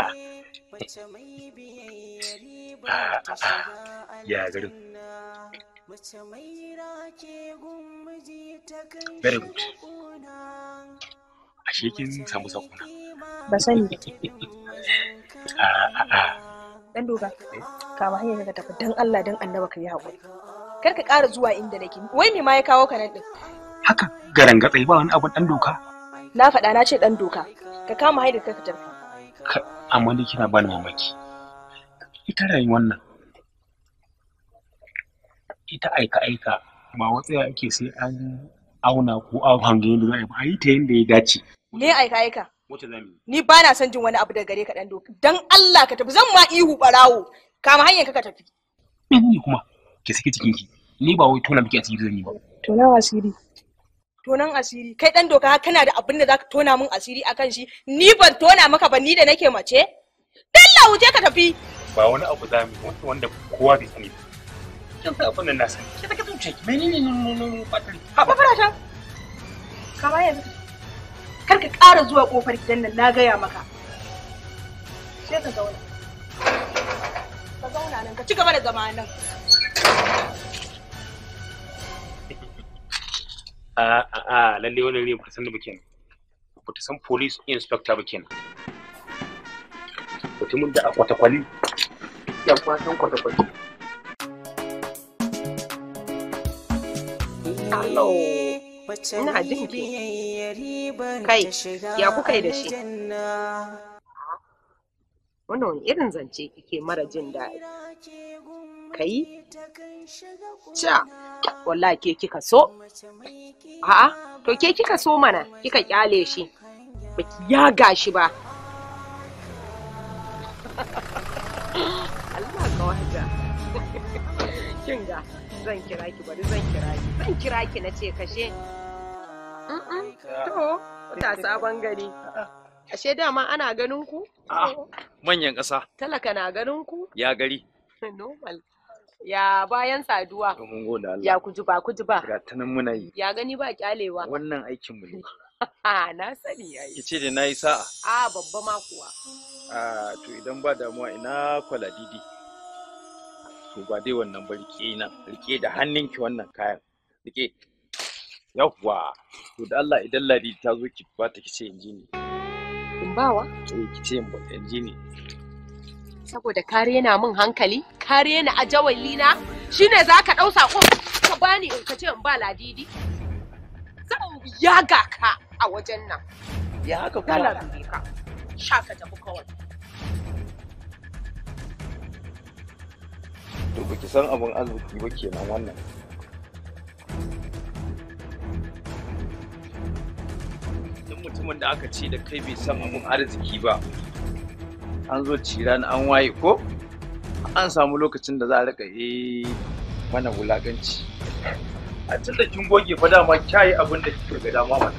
Ah, ah, ah. ya garin very good ashe kin samu sakona ba sani dan doga kama hanyar ka tafi dan Allah dan annaba ka yi haƙuri kar ka ƙara zuwa inda nake wai me ma ya kawo ka nan din haka garan ba wani abu dan doka na faɗa na ce dan doka ka kama hanyar ka tafi amma dai kina bani mamaki ita rayuwar nan ita aika-aika ba watsaya ake sai an auna ko an hange yadda za yi ba a yi ta yanda ya dace Ni aika-aika wata zamu ni ba na son jin wani abu da gare ka dan doki dan Allah ka tafi zan ma ihu barawo kama hanyar ka ka tafi menene kuma ke saki cikin ki ni ba wai tona miki a cikin zan yi ba to na wasiri tonan asiri kai dan doka kana da abin da zaka tona min asiri akan shi ni ban tona maka ba ni da nake mace dalla wuje ka tafi ba wani abu za mu wanda kowa bai sani kin ta abin nan na sani ki take tunce ki menene nan nan patri ha ba farata ka ba yanzu kar ka ƙara zuwa kofar gidan nan na gaya maka sai ka zauna ka zauna nan ka ci gaba da zama nan a lalle wani ne bata san da bakin ta san police inspector bakin mutumin da a kwatakwali ya kwasan kwatakwali Hello. Ina jin kai ya kuka yi da shi wannan wani irin zance kike mara jin daɗi kai ca walla ke kika so a to ke kika so mana kika kyale shi baki ya gashi ba Allah ka wata kin ga zan kira ki bari zan kira ki zan kira ki na ce kashe to ta sabon gari ashe dama ana ganin ku manyan ƙasa. Talaka na ganin ku? Ya gari. Normal. Ya bayan saduwa. Mun gode Allah. Ya kuji ba ba. Ga ta muna yi. Ya gani ba kyalewa. Wannan aikin mu ne. na sani yi. Kice da na yi sa'a. A babba ma kuwa. A to idan ba damuwa ina kwaladidi. To ba dai wannan ba rike nan. Rike da hannunki wannan kayan. Rike. Yawwa. To da Allah idan Ladi ta zo ki ba ta kice inji ne. bawa? Eh ki in ji ne. Saboda kare yana min hankali, kare yana a jawalli na, shine za ka ɗau sako ka bani in ka ce in ba ladidi. ya yaga ka a wajen nan. Ya haka kuma. Kala dube ka. Sha ka tafi kawai. To ba ki san abin arziki ba kenan wannan. mutumin da aka ce da kai bai san abin arziki ba an zo cira na an waye ko an samu lokacin da za a rika yi eh, mana wulakanci. a cikin goge fa dama kyayi abin da kika ga dama mana